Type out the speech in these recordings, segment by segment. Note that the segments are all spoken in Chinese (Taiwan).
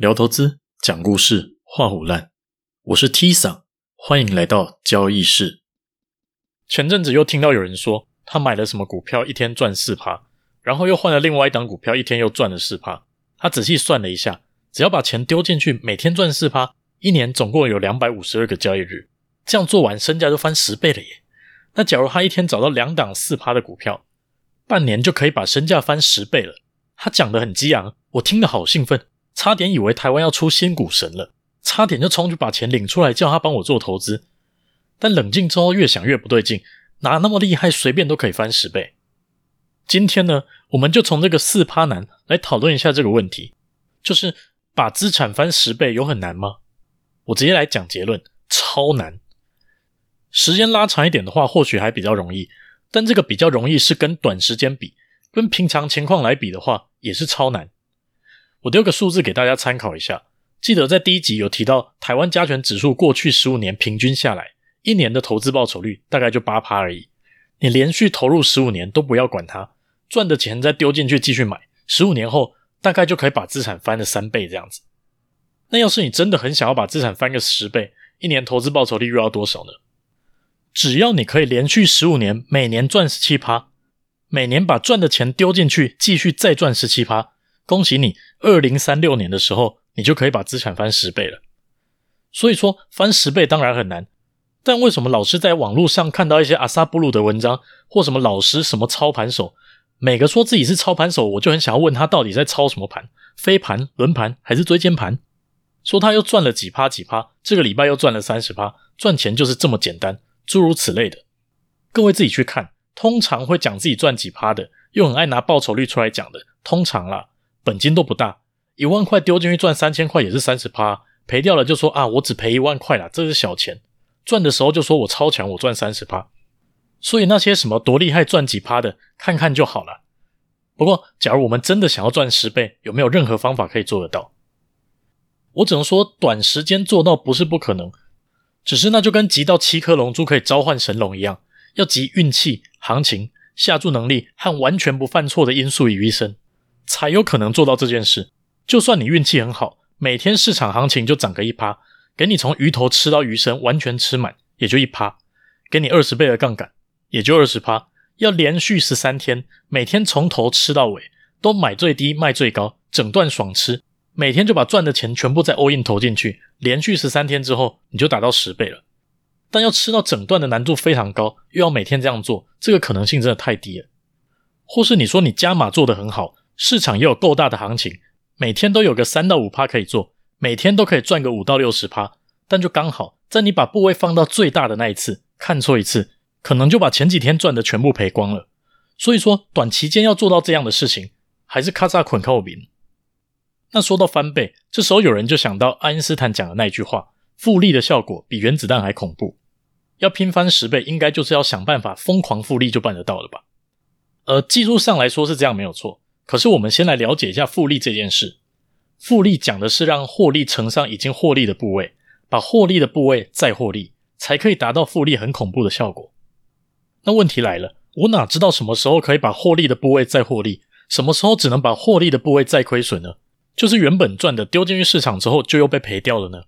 聊投資，講故事，話虎爛。我是 T 桑，歡迎來到交易室。前陣子又聽到有人說，他買了什麼股票，一天賺四趴，然後又換了另外一檔股票，一天又賺了四趴。他仔細算了一下，只要把錢丟進去，每天賺四趴，一年總共有兩百五十二個交易日，這樣做完身價就翻十倍了耶！那假如他一天找到兩檔四趴的股票，半年就可以把身價翻十倍了。他講得很激昂，我聽得好興奮。差點以為台灣要出新股神了，差點就衝去把錢領出來，叫他幫我做投資。但冷靜之後，越想越不對勁，哪那麼厲害，隨便都可以翻十倍？今天呢，我們就從這個四趴男來討論一下這個問題，就是把資產翻十倍有很難嗎？我直接來講結論，超難。時間拉長一點的話，或許還比較容易，但這個比較容易是跟短時間比，跟平常情況來比的話，也是超難。我丟個數字給大家參考一下。記得在第一集有提到，台灣加權指數過去十五年平均下來，一年的投資報酬率大概就八趴而已。你連續投入十五年，都不要管它，賺的錢再丟進去繼續買，十五年後大概就可以把資產翻了三倍這樣子。那要是你真的很想要把資產翻個十倍，一年投資報酬率又要多少呢？只要你可以連續十五年每年賺十七趴，每年把賺的錢丟進去繼續再賺十七趴，恭喜你！二零三六年的時候，你就可以把資產翻十倍了。所以說翻十倍當然很難，但為什麼老是在網絡上看到一些阿薩布魯的文章，或什麼老師、什麼操盤手，每個說自己是操盤手，我就很想要問他到底在操什麼盤，飛盤、輪盤還是椎間盤？說他又賺了幾趴幾趴，這個禮拜又賺了三十趴，賺錢就是這麼簡單，諸如此類的。各位自己去看，通常會講自己賺幾趴的，又很愛拿報酬率出來講的，通常啦。本金都不大，一萬塊丟進去賺三千塊也是三十趴，賠掉了就說啊，我只賠一萬塊啦，這是小錢。賺的時候就說我超強，我賺三十趴。所以那些什麼多厲害賺幾趴的，看看就好了。不過，假如我們真的想要賺十倍，有沒有任何方法可以做得到？我只能說，短時間做到不是不可能，只是那就跟集到七顆龍珠可以召喚神龍一樣，要集運氣、行情、下注能力和完全不犯錯的因素於一身。才有可能做到這件事。就算你運氣很好，每天市場行情就漲個一趴，給你從魚頭吃到魚身，完全吃滿也就一趴。給你二十倍的槓桿，也就二十趴。要連續十三天，每天從頭吃到尾，都買最低賣最高，整段爽吃。每天就把賺的錢全部在 all in 投進去，連續十三天之後，你就達到十倍了。但要吃到整段的難度非常高，又要每天這樣做，這個可能性真的太低了。或是你說你加碼做得很好。市場也有夠大的行情，每天都有個三到五趴可以做，每天都可以賺個五到六十趴。但就剛好在你把部位放到最大的那一次，看錯一次，可能就把前幾天賺的全部賠光了。所以說，短期間要做到這樣的事情，還是咔嚓捆靠餅。那說到翻倍，這時候有人就想到愛因斯坦講的那句話：複利的效果比原子彈還恐怖。要拼翻十倍，應該就是要想辦法瘋狂複利就辦得到了吧？呃，技術上來說是這樣沒有錯。可是，我們先來了解一下複利這件事。複利講的是讓獲利乘上已經獲利的部位，把獲利的部位再獲利，才可以達到複利很恐怖的效果。那問題來了，我哪知道什麼時候可以把獲利的部位再獲利，什麼時候只能把獲利的部位再虧損呢？就是原本賺的丟進去市場之後就又被賠掉了呢？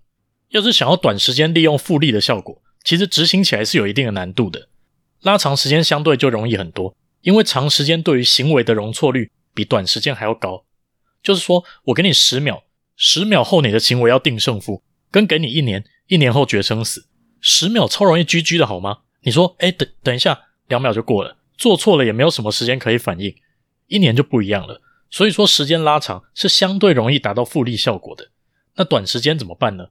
要是想要短時間利用複利的效果，其實執行起來是有一定的難度的。拉長時間相對就容易很多，因為長時間對於行為的容錯率比短時間還要高，就是說我給你十秒，十秒後你的行為要定勝負，跟給你一年，一年後決生死，十秒超容易 GG 的好嗎？你說，哎、欸，等等一下，兩秒就過了，做錯了也沒有什麼時間可以反應，一年就不一樣了。所以說，時間拉長是相對容易達到複利效果的。那短時間怎麼辦呢？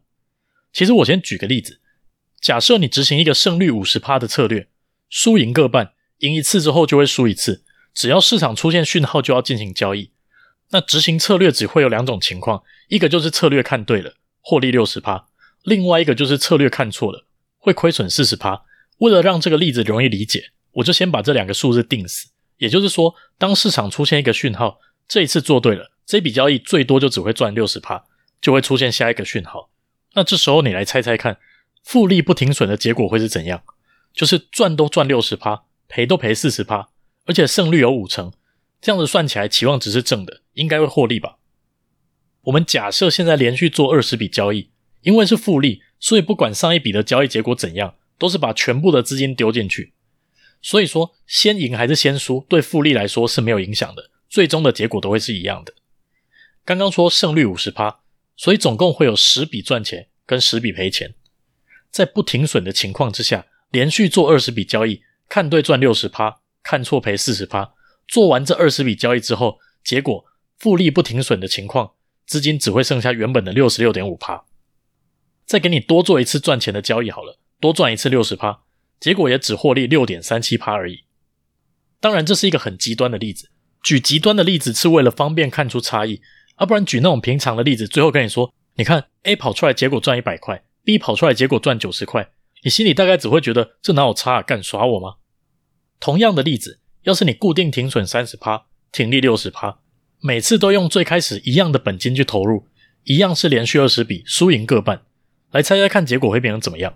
其實我先舉個例子，假設你執行一個勝率五十趴的策略，輸贏各半，贏一次之後就會輸一次。只要市場出現訊號，就要進行交易。那執行策略只會有兩種情況，一個就是策略看對了，獲利六十趴；另外一個就是策略看錯了，會虧損四十趴。為了讓這個例子容易理解，我就先把這兩個數字定死。也就是說，當市場出現一個訊號，這一次做對了，這筆交易最多就只會賺六十趴，就會出現下一個訊號。那這時候你來猜猜看，複利不停損的結果會是怎樣？就是賺都賺六十趴，賠都賠四十趴。而且勝率有五成，這樣子算起來期望值是正的，應該會獲利吧？我們假設現在連續做二十筆交易，因為是複利，所以不管上一筆的交易結果怎樣，都是把全部的資金丟進去。所以說，先贏還是先輸，對複利來說是沒有影響的，最終的結果都會是一樣的。剛剛說勝率五十趴，所以總共會有十筆賺錢，跟十筆賠錢，在不停損的情況之下，連續做二十筆交易，看對賺六十趴。看錯賠四十趴，做完這二十筆交易之後，結果複利不停損的情況，資金只會剩下原本的六十六點五趴。再給你多做一次賺錢的交易好了，多賺一次六十趴，結果也只獲利六點三七趴而已。當然這是一個很極端的例子，舉極端的例子是為了方便看出差異，啊不然舉那種平常的例子，最後跟你說，你看 A 跑出來結果賺一百塊，B 跑出來結果賺九十塊，你心裡大概只會覺得這哪有差啊，敢耍我嗎？同樣的例子，要是你固定停損三十趴，停利六十趴，每次都用最開始一樣的本金去投入，一樣是連續二十筆，輸贏各半，來猜猜看結果會變成怎麼樣？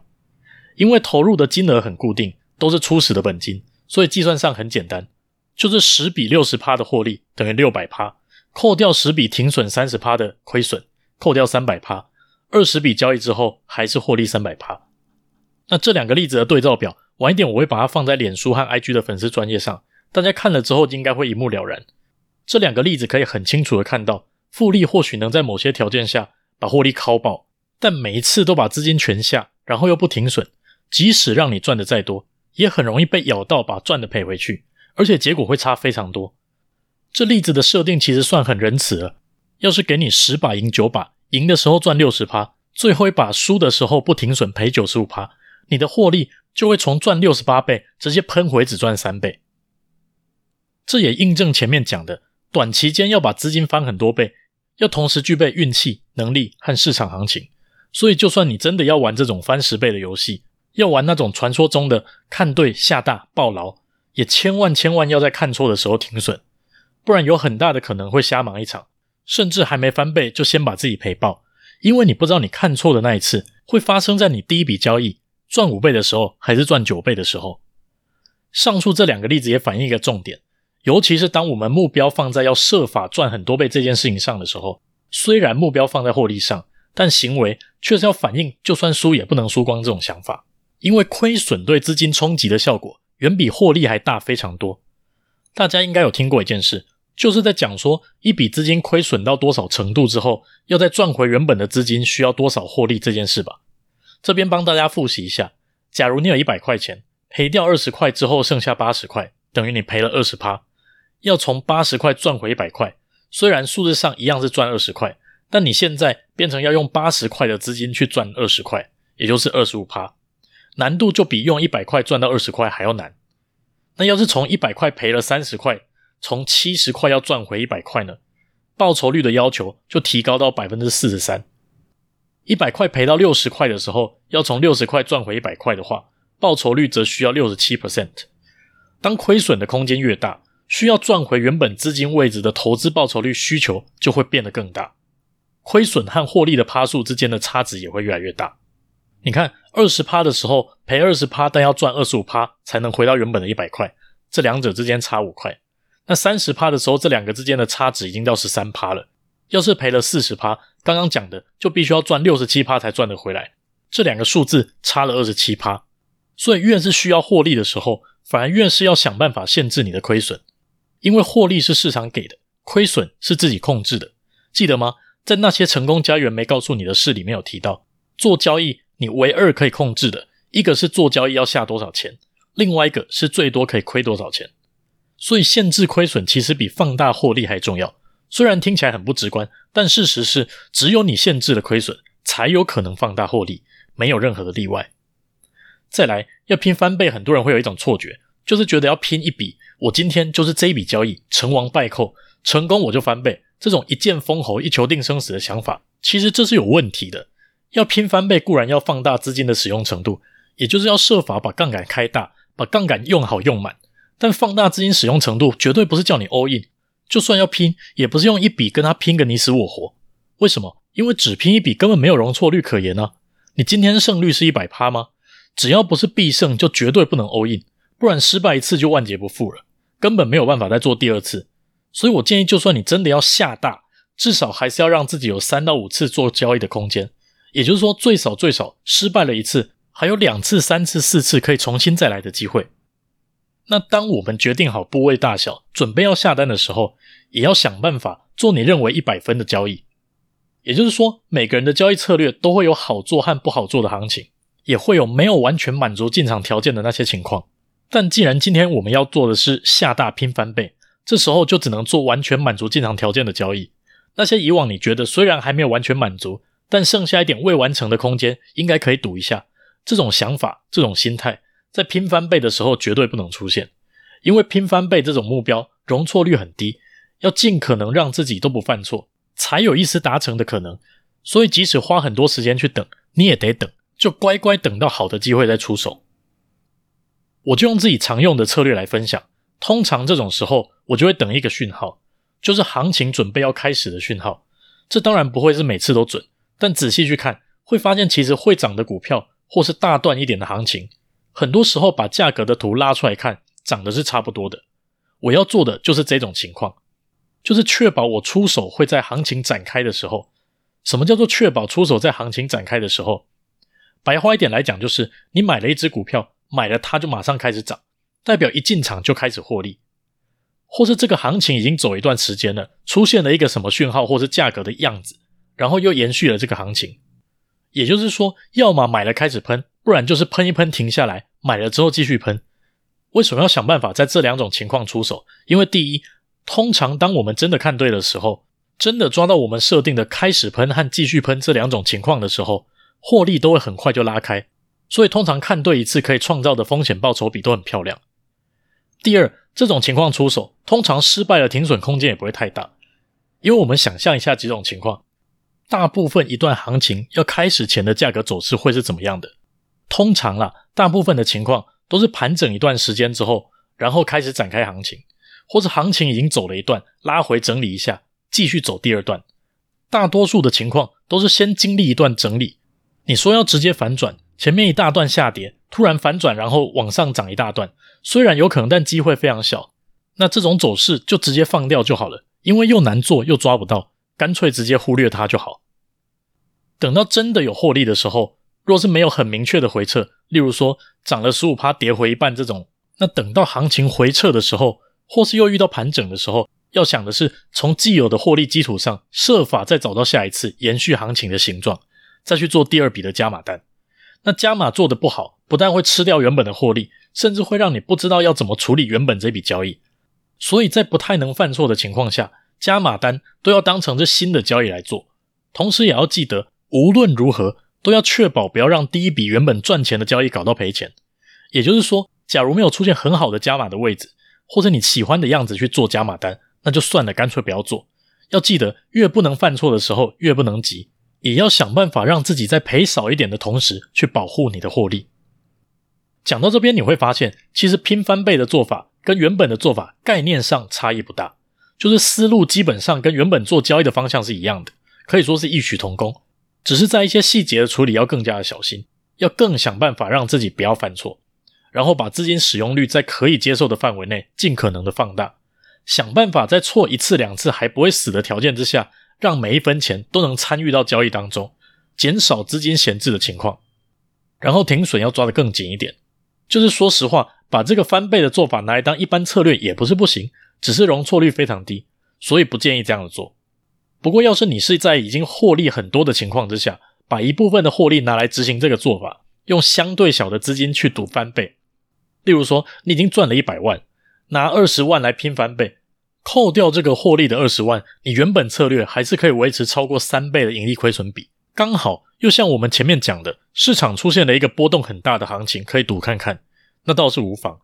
因為投入的金額很固定，都是初始的本金，所以計算上很簡單，就是十筆六十趴的獲利等於六百趴，扣掉十筆停損三十趴的虧損，扣掉三百趴，二十筆交易之後還是獲利三百趴。那這兩個例子的對照表，晚一點我會把它放在臉書和 IG 的粉絲專頁上，大家看了之後應該會一目了然。這兩個例子可以很清楚地看到，複利或許能在某些條件下把獲利敲爆，但每一次都把資金全下，然後又不停損，即使讓你賺的再多，也很容易被咬到把賺的賠回去，而且結果會差非常多。這例子的設定其實算很仁慈了，要是給你十把贏九把，贏的時候賺六十趴，最後一把輸的時候不停損賠九十五趴，你的獲利就會從賺六十八倍直接噴回只賺三倍，這也印證前面講的，短期間要把資金翻很多倍，要同時具備運氣、能力和市場行情。所以，就算你真的要玩這種翻十倍的遊戲，要玩那種傳說中的看對下大抱牢，也千萬千萬要在看錯的時候停損，不然有很大的可能會瞎忙一場，甚至還沒翻倍就先把自己賠爆，因為你不知道你看錯的那一次會發生在你第一筆交易。賺五倍的時候，還是賺九倍的時候，上述這兩個例子也反映一個重點，尤其是當我們目標放在要設法賺很多倍這件事情上的時候，雖然目標放在獲利上，但行為卻是要反映就算輸也不能輸光這種想法，因為虧損對資金衝擊的效果遠比獲利還大非常多。大家應該有聽過一件事，就是在講說一筆資金虧損到多少程度之後，要再賺回原本的資金需要多少獲利這件事吧。這邊幫大家複習一下：假如你有一百塊錢，賠掉二十塊之後剩下八十塊，等於你賠了二十趴。要從八十塊賺回一百塊，雖然數字上一樣是賺二十塊，但你現在變成要用八十塊的資金去賺二十塊，也就是二十五趴，難度就比用一百塊賺到二十塊還要難。那要是從一百塊賠了三十塊，從七十塊要賺回一百塊呢？報酬率的要求就提高到百分之四十三。一百塊賠到六十塊的時候，要從六十塊賺回一百塊的話，報酬率則需要六十七 percent。當虧損的空間越大，需要賺回原本資金位置的投資報酬率需求就會變得更大。虧損和獲利的趴數之間的差值也會越來越大。你看，二十趴的時候賠二十趴，但要賺二十五趴才能回到原本的一百塊，這兩者之間差五塊。那三十趴的時候，這兩個之間的差值已經到十三趴了。要是賠了四十趴，剛剛講的就必須要賺六十七趴才賺得回來，這兩個數字差了二十七趴，所以越是需要獲利的時候，反而越是要想辦法限制你的虧損，因為獲利是市場給的，虧損是自己控制的，記得嗎？在那些成功家園沒告訴你的事裡面有提到，做交易你唯二可以控制的一個是做交易要下多少錢，另外一個是最多可以虧多少錢，所以限制虧損其實比放大獲利還重要。雖然聽起來很不直觀，但事實是，只有你限制了虧損，才有可能放大獲利，沒有任何的例外。再來要拼翻倍，很多人會有一種錯覺，就是覺得要拼一筆，我今天就是這一筆交易，成王敗寇，成功我就翻倍，這種一劍封喉、一球定生死的想法，其實這是有問題的。要拼翻倍固然要放大資金的使用程度，也就是要設法把槓桿開大，把槓桿用好用滿，但放大資金使用程度，絕對不是叫你 all in。就算要拼，也不是用一筆跟他拼個你死我活。為什麼？因為只拼一筆根本沒有容錯率可言啊！你今天勝率是一百趴嗎？只要不是必勝，就絕對不能 all in，不然失敗一次就萬劫不復了，根本沒有辦法再做第二次。所以我建議，就算你真的要下大，至少還是要讓自己有三到五次做交易的空間。也就是說，最少最少失敗了一次，還有兩次、三次、四次可以重新再來的機會。那當我們決定好部位大小，準備要下單的時候，也要想辦法做你認為一百分的交易。也就是說，每個人的交易策略都會有好做和不好做的行情，也會有沒有完全滿足進場條件的那些情況。但既然今天我們要做的是下大拼翻倍，這時候就只能做完全滿足進場條件的交易。那些以往你覺得雖然還沒有完全滿足，但剩下一點未完成的空間，應該可以賭一下。這種想法，這種心態，在拼翻倍的時候，絕對不能出現，因為拼翻倍這種目標容錯率很低，要盡可能讓自己都不犯錯，才有一絲達成的可能。所以即使花很多時間去等，你也得等，就乖乖等到好的機會再出手。我就用自己常用的策略來分享，通常這種時候我就會等一個訊號，就是行情準備要開始的訊號。這當然不會是每次都準，但仔細去看會發現，其實會漲的股票或是大段一點的行情，很多時候把價格的圖拉出來看，漲的是差不多的。我要做的就是這種情況，就是確保我出手會在行情展開的時候。什麼叫做確保出手在行情展開的時候？白話一點來講，就是你買了一隻股票，買了它就馬上開始漲，代表一進場就開始獲利，或是這個行情已經走一段時間了，出現了一個什麼訊號，或是價格的樣子，然後又延續了這個行情。也就是說，要麼買了開始噴，不然就是噴一噴停下來。買了之後繼續噴，為什麼要想辦法在這兩種情況出手？因為第一，通常當我們真的看對的時候，真的抓到我們設定的開始噴和繼續噴這兩種情況的時候，獲利都會很快就拉開。所以通常看對一次可以創造的風險報酬比都很漂亮。第二，這種情況出手，通常失敗的停損空間也不會太大，因為我們想象一下幾種情況，大部分一段行情要開始前的價格走勢會是怎麼樣的？通常啦、啊。大部分的情況都是盤整一段時間之後，然後開始展開行情，或者行情已經走了一段，拉回整理一下，繼續走第二段。大多數的情況都是先經歷一段整理。你說要直接反轉，前面一大段下跌，突然反轉，然後往上漲一大段，雖然有可能，但機會非常小。那這種走勢就直接放掉就好了，因為又難做又抓不到，乾脆直接忽略它就好。等到真的有獲利的時候，若是沒有很明確的回撤。例如說，漲了十五趴，跌回一半這種，那等到行情回撤的時候，或是又遇到盤整的時候，要想的是從既有的獲利基礎上，設法再找到下一次延續行情的形狀，再去做第二筆的加碼單。那加碼做得不好，不但會吃掉原本的獲利，甚至會讓你不知道要怎麼處理原本這筆交易。所以在不太能犯錯的情況下，加碼單都要當成是新的交易來做，同時也要記得，無論如何。都要確保不要讓第一筆原本賺錢的交易搞到賠錢，也就是說，假如沒有出現很好的加碼的位置，或者你喜歡的樣子去做加碼單，那就算了，乾脆不要做。要記得，越不能犯錯的時候越不能急，也要想辦法讓自己在賠少一點的同時去保護你的獲利。講到這邊，你會發現，其實拼翻倍的做法跟原本的做法概念上差異不大，就是思路基本上跟原本做交易的方向是一樣的，可以說是異曲同工。只是在一些細節的處理要更加的小心，要更想辦法讓自己不要犯錯，然後把資金使用率在可以接受的範圍內盡可能的放大，想辦法在錯一次兩次還不會死的條件之下，讓每一分錢都能參與到交易當中，減少資金閒置的情況，然後停損要抓得更緊一點。就是說實話，把這個翻倍的做法拿來當一般策略也不是不行，只是容錯率非常低，所以不建議這樣子做。不過，要是你是在已經獲利很多的情況之下，把一部分的獲利拿來執行這個做法，用相對小的資金去賭翻倍，例如說你已經賺了一百萬，拿二十萬來拼翻倍，扣掉這個獲利的二十萬，你原本策略還是可以維持超過三倍的盈利虧損比。剛好又像我們前面講的，市場出現了一個波動很大的行情，可以賭看看，那倒是無妨。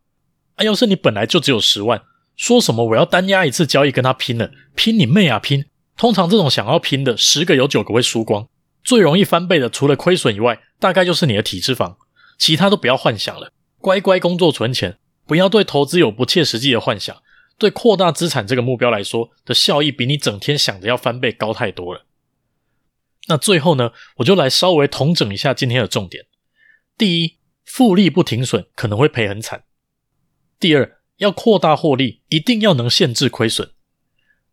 啊，要是你本來就只有十萬，說什麼我要單壓一次交易跟他拼了，拼你妹啊，拼！通常這種想要拼的十個有九個會輸光，最容易翻倍的除了虧損以外，大概就是你的體脂肪，其他都不要幻想了。乖乖工作存錢，不要對投資有不切實際的幻想。對擴大資產這個目標來說的效益，比你整天想着要翻倍高太多了。那最後呢，我就來稍微統整一下今天的重點：第一，複利不停損可能會賠很慘；第二，要擴大獲利，一定要能限制虧損；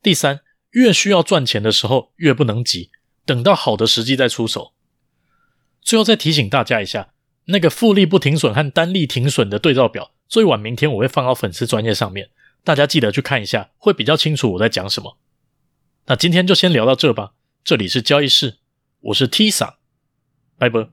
第三，越需要賺錢的時候，越不能急，等到好的時機再出手。最後再提醒大家一下，那個複利不停損和單利停損的對照表，最晚明天我會放到粉絲專頁上面，大家記得去看一下，會比較清楚我在講什麼。那今天就先聊到這吧，這裡是交易事，我是 Tsun，拜拜。